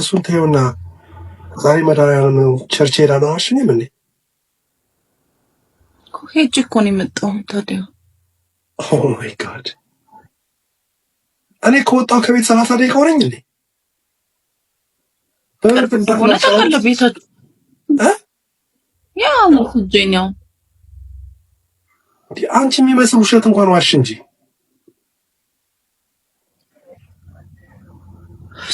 እሱን ተየውና ዛሬ መድኃኒዓለም ቸርች ሄዳለሁ አልሽ። እኔ ምን ሄጅ እኮ ነው የመጣው። ታዲያ ኦ ማይ ጋድ እኔ ከወጣሁ ከቤት ሰላሳ ደቂቃ ሆነኝ። እንዴ ያው አንቺ የሚመስል ውሸት እንኳን ዋሽ እንጂ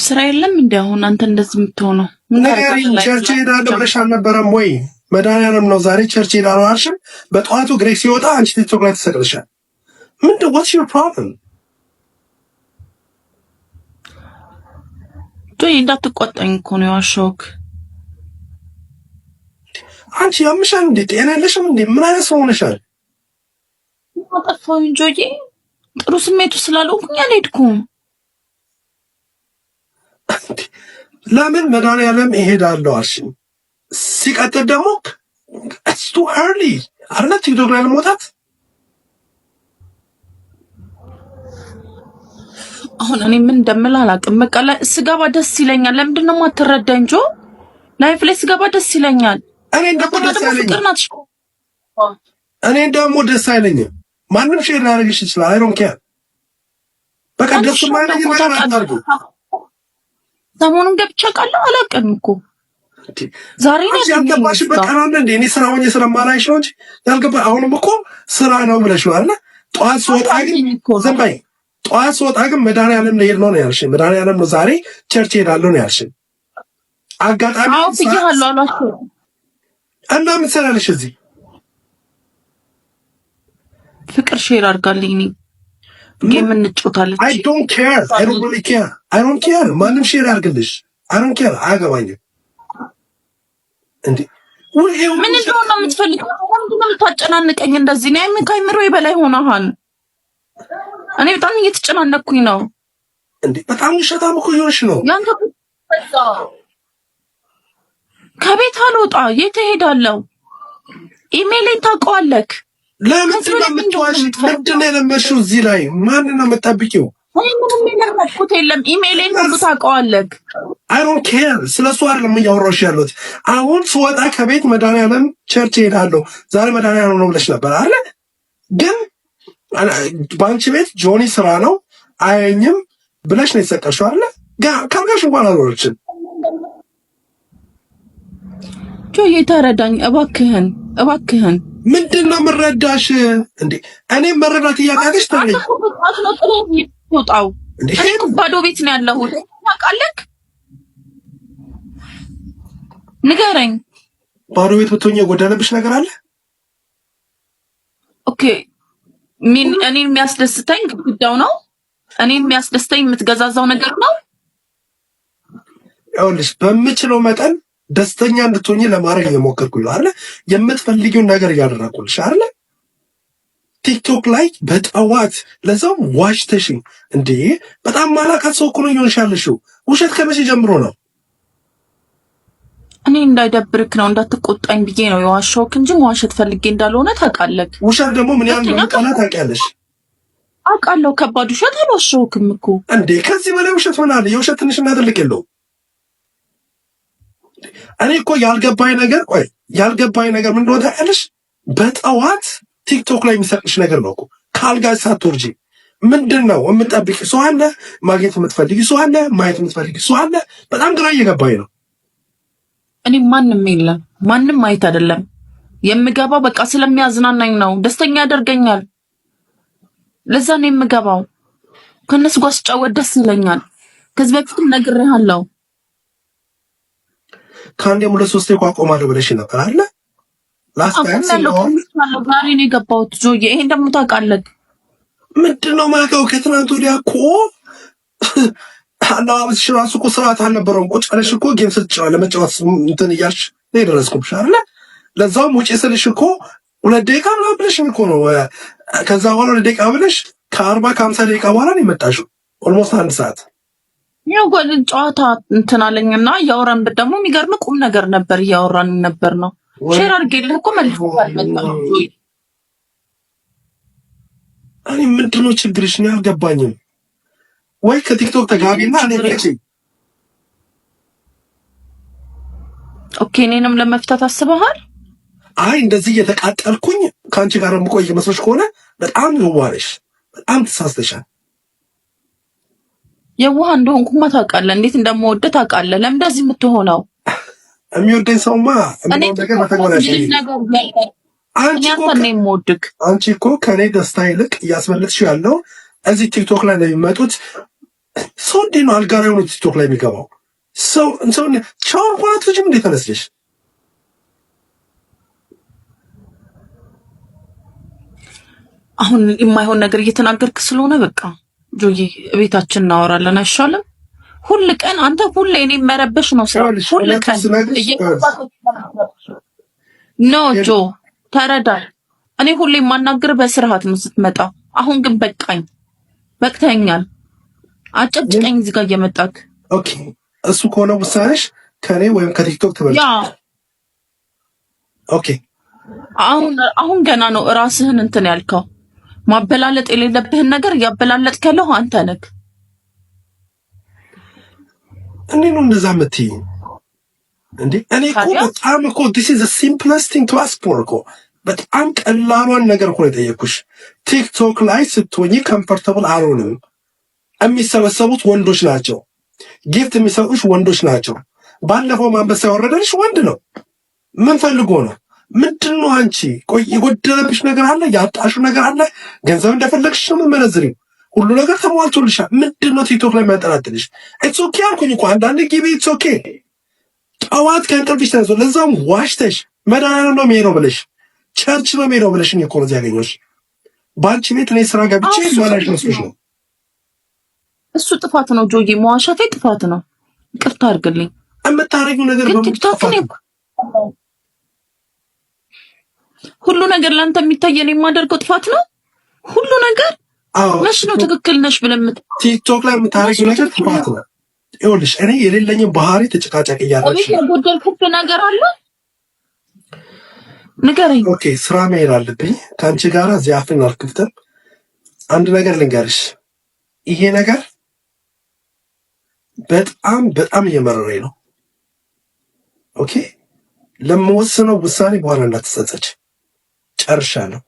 ስራ የለም እንዲ አሁን አንተ እንደዚህ የምትሆነው ንገሪኝ። ቸርች ሄዳለሁ ብለሽ አልነበረም ወይ? መድኃኒዓለም ነው ዛሬ ቸርች ሄዳለሁ አልሽም። በጠዋቱ ግሬክ ሲወጣ አንቺ ቲክቶክ ላይ ተሰቅልሻል። ምንድን ዋትስ ዩር ፕሮብለም? ቶይ እንዳትቆጣኝ እኮ ነው የዋሸሁክ። አንቺ ያምሻል እንዴ? ጤና የለሽም እንዴ? ምን አይነት ሰው ሆነሻል? ጠፋው እንጆዬ ጥሩ ስሜቱ ስላልሆንኩኝ አልሄድኩም። ለምን መድኃኒዓለም እሄዳለሁ አልሽኝ? ሲቀጥል ደግሞ ስቱ ኤርሊ አለ ቲክቶክ ላይ ለመውጣት አሁን እኔ ምን እንደምልህ አላውቅም። በቃ ስገባ ደስ ይለኛል። ለምንድን ነው የማትረዳኝ? ጆ ላይፍ ላይ ስገባ ደስ ይለኛል። እኔ ደግሞ ደስ አይለኝም። እኔ ደግሞ ደስ አይለኝም። ማንም ሼር ላደርግሽ ይችላል። አይ ዶንት ኬር በቃ ደስ ማይለኝ ነገር አታርጉ ሰሞኑን ገብቼ አውቃለሁ። አላውቅም እኮ ዛሬ ያልገባሽበት ቀን አለ እንዴ? እኔ ስራ ሆኜ ስለማላይሽ ነው እንጂ ያልገባ አሁንም እኮ ስራ ነው ብለሽ ነው አለ። ጠዋት ስወጣ ግን ዝም በይ። ጠዋት ስወጣ ግን መድኃኒዓለም ልሄድ ነው ነው ያልሽኝ። መድኃኒዓለም ነው ዛሬ ቸርች እሄዳለሁ ነው ያልሽኝ። አጋጣሚ አውጥያለሁ አሏቸው እና ምን ሰራለሽ እዚህ? ፍቅር ሼር አድርጋልኝ። ጌም እንጫወታለን። ማንም ሼር አያገባኝም። ምን እንደሆነ ነው የምትፈልገው? እንደዚህ? ነው በላይ ሆነሃል። እኔ በጣም እየተጨናነኩኝ ነው። እንዴ በጣም ውሸታም እኮ ይሆንሽ ነው ያንተ ከቤት አልወጣ የት እሄዳለሁ? ኢሜሌን ታውቀዋለህ። ለምን ስለምትዋሽ ምንድን ነው የለመድሽው? እዚህ ላይ ማን ነው የምጠብቂው? ምንም የለም። ኢሜይሌን ሁሉ ታውቀዋለህ። አይ ዶንት ኬር ስለ እሱ አይደለም እያወራሁሽ ያለሁት። አሁን ስወጣ ከቤት መድኃኒዓለም ቸርች እሄዳለሁ። ዛሬ መድኃኒዓለም ነው ብለሽ ነበር አለ። ግን በአንቺ ቤት ጆኒ ስራ ነው አየኝም ብለሽ ነው የተሰቀሽው አለ። ካልጋሽ እንኳን አልወረችም። ጆዬ ተረዳኝ እባክህን፣ እባክህን ምንድን ነው የምረዳሽ? እንዴ እኔ መረዳት እያቃተሽ ታለኝ ባዶ ቤት ነው ያለሁት። ታውቃለህ፣ ንገረኝ። ባዶ ቤት ብትሆኝ የጎደለብሽ ነገር አለ? ኦኬ ሚን እኔን የሚያስደስተኝ ግድግዳው ነው። እኔን የሚያስደስተኝ የምትገዛዛው ነገር ነው። ይኸውልሽ በምችለው መጠን ደስተኛ እንድትሆኝ ለማድረግ እየሞከርኩ ነው አለ። የምትፈልጊውን ነገር እያደረኩልሽ አለ። ቲክቶክ ላይ በጠዋት ለዛም ዋሽተሽ እንዴ! በጣም ማላቃት ሰው እኮ ነው እየሆንሻለሽው። ውሸት ከመቼ ጀምሮ ነው? እኔ እንዳይደብርክ ነው እንዳትቆጣኝ ብዬ ነው የዋሻውክ እንጂ መዋሸት ፈልጌ እንዳልሆነ ታውቃለህ። ውሸት ደግሞ ምን ያህል ቀላ ታውቂያለሽ? አውቃለሁ። ከባድ ውሸት አልዋሻውክም እኮ እንዴ! ከዚህ በላይ ውሸት አለ የውሸት ትንሽና ትልቅ የለውም። እኔ እኮ ያልገባኝ ነገር ቆይ ያልገባኝ ነገር ምን እንደሆነ ታውቂያለሽ? በጠዋት ቲክቶክ ላይ የሚሰጥሽ ነገር ነው እኮ ከአልጋ ሳትወርጂ ምንድን ነው የምጠብቅ? ሰው አለ ማግኘት የምትፈልግ ሰው አለ ማየት የምትፈልግ ሰው አለ። በጣም ግራ እየገባኝ ነው። እኔ ማንም የለም ማንም ማየት አይደለም የምገባው በቃ ስለሚያዝናናኝ ነው። ደስተኛ ያደርገኛል። ለዛ ነው የምገባው። ከነሱ ጋር ስጫወት ደስ ይለኛል። ከዚህ በፊትም ነግሬሃለሁ። ከአንዴም ሁለት ሶስት ቋቆማለሁ ብለሽ ነበር አለ ዛሬ ነው የገባሁት። ጆዬ ይሄን ደግሞ ታውቃለህ። ምንድን ነው ማውቀው? ከትናንት ወዲያ እኮ አለባበስሽ እራሱ እኮ ስርዓት አልነበረውም። ቁጭ ብለሽ እኮ ጌም ስትጫወት ለመጫወት እንትን እያልሽ ነው የደረስኩብሽ አይደለ? ለዛውም ውጪ ስልሽ እኮ ሁለት ደቂቃ ምናምን ብለሽ እኮ ነው። ከዛ በኋላ ሁለት ደቂቃ ብለሽ ከአርባ ከሀምሳ ደቂቃ በኋላ ነው የመጣሽው። ኦልሞስት አንድ ሰዓት ያው ጨዋታ እንትን አለኝ እና እያወራን ደግሞ የሚገርም ቁም ነገር ነበር እያወራን ነበር ነው። ሼር አድርጌልህ እኮ መልሶ እኔ ምንድን ነው ችግርሽ? እኔ አልገባኝም። ወይ ከቲክቶክ ተጋቢና እኔ ኦኬ፣ እኔንም ለመፍታት አስበሃል? አይ እንደዚህ እየተቃጠልኩኝ ከአንቺ ጋር የምቆይ መስሎሽ ከሆነ በጣም ይዋረሽ፣ በጣም ትሳስተሻል። የዋህ እንደሆንኩማ ታውቃለህ። እንዴት እንደምወደህ ታውቃለህ። ለምን እንደዚህ የምትሆነው? የሚወደኝ ሰውማ የምወድግ አንቺ እኮ ከኔ ደስታ ይልቅ እያስመለጥሽ ያለው እዚህ ቲክቶክ ላይ ነው የሚመጡት። ሰው እንዴት ነው አልጋ ላይ ቲክቶክ ላይ የሚገባው? ሰው ሰው ቻውን ኳላት ልጅም እንዴት ተነስልሽ አሁን የማይሆን ነገር እየተናገርክ ስለሆነ በቃ ጆዬ ቤታችን እናወራለን አይሻልም? ሁል ቀን አንተ ሁሌ እኔ መረበሽ ነው ስራ ሁል ቀን ኖ ጆ ተረዳል። እኔ ሁሌ የማናግር በስርዓት ነው ስትመጣ። አሁን ግን በቃኝ፣ በቅተኛል። አጨብጭቀኝ እዚህ ጋር እየመጣክ ኦኬ። እሱ ከሆነ ውሳኔሽ ከኔ ወይም ከቲክቶክ ትበል። ኦኬ አሁን አሁን ገና ነው ራስህን እንትን ያልከው ማበላለጥ የሌለብህን ነገር እያበላለጥ ከለሁ አንተ ነክ እኔ ነው እንደዛ የምትይኝ እንዴ? እኔ እኮ በጣም እኮ this is the simplest thing to ask for እኮ በጣም ቀላሏን ነገር እኮ ነው የጠየኩሽ። ቲክቶክ ላይ ስትሆኚ ከምፈርተብል አልሆንም። የሚሰበሰቡት ወንዶች ናቸው። ጊፍት የሚሰጡሽ ወንዶች ናቸው። ባለፈው ማንበሳ ያወረደልሽ ወንድ ነው። ምን ፈልጎ ነው ምንድን ነው አንቺ? ቆይ የጎደለብሽ ነገር አለ፣ ያጣሹ ነገር አለ። ገንዘብ እንደፈለግሽ ነው መነዝሪ፣ ሁሉ ነገር ተሟልቶልሻል። ምንድን ነው ቲክቶክ ላይ የሚያጠራጥልሽ? ኢትስ ኦኬ አልኩኝ እኮ አንዳንድ ጊቢ ኢትስ ኦኬ። ጠዋት ከእንቅልፍሽ ተነሶ ለዛም ዋሽተሽ መድኃኒዓለም ነው የሚሄደው ብለሽ ቸርች ነው የሚሄደው ብለሽ እኔ እኮ ነው እዚህ ያገኘሁሽ። በአንቺ ቤት እኔ ስራ ገብቼ ማላሽ መስሎሽ ነው። እሱ ጥፋት ነው ጆዬ፣ መዋሻቴ ጥፋት ነው። ቅርታ አድርግልኝ። የምታረጊው ነገር በምን ጥፋት ነው? ሁሉ ነገር ለአንተ የሚታየን የማደርገው ጥፋት ነው። ሁሉ ነገር መች ነው ትክክል ነሽ ብለን ቲክቶክ ላይ የምታረጊው ነገር ጥፋት ነው። ይኸውልሽ እኔ የሌለኝም ባህሪ ተጨቃጫቂ እያደረግሽ የጎደልኩብህ ነገር አለ ንገረኝ። ኦኬ ስራ መሄድ አለብኝ። ከአንቺ ጋር እዚህ አፍን አልክፍትም። አንድ ነገር ልንገርሽ፣ ይሄ ነገር በጣም በጣም እየመረረኝ ነው። ኦኬ ለምወስነው ውሳኔ በኋላ እንዳትጸጸች። ነው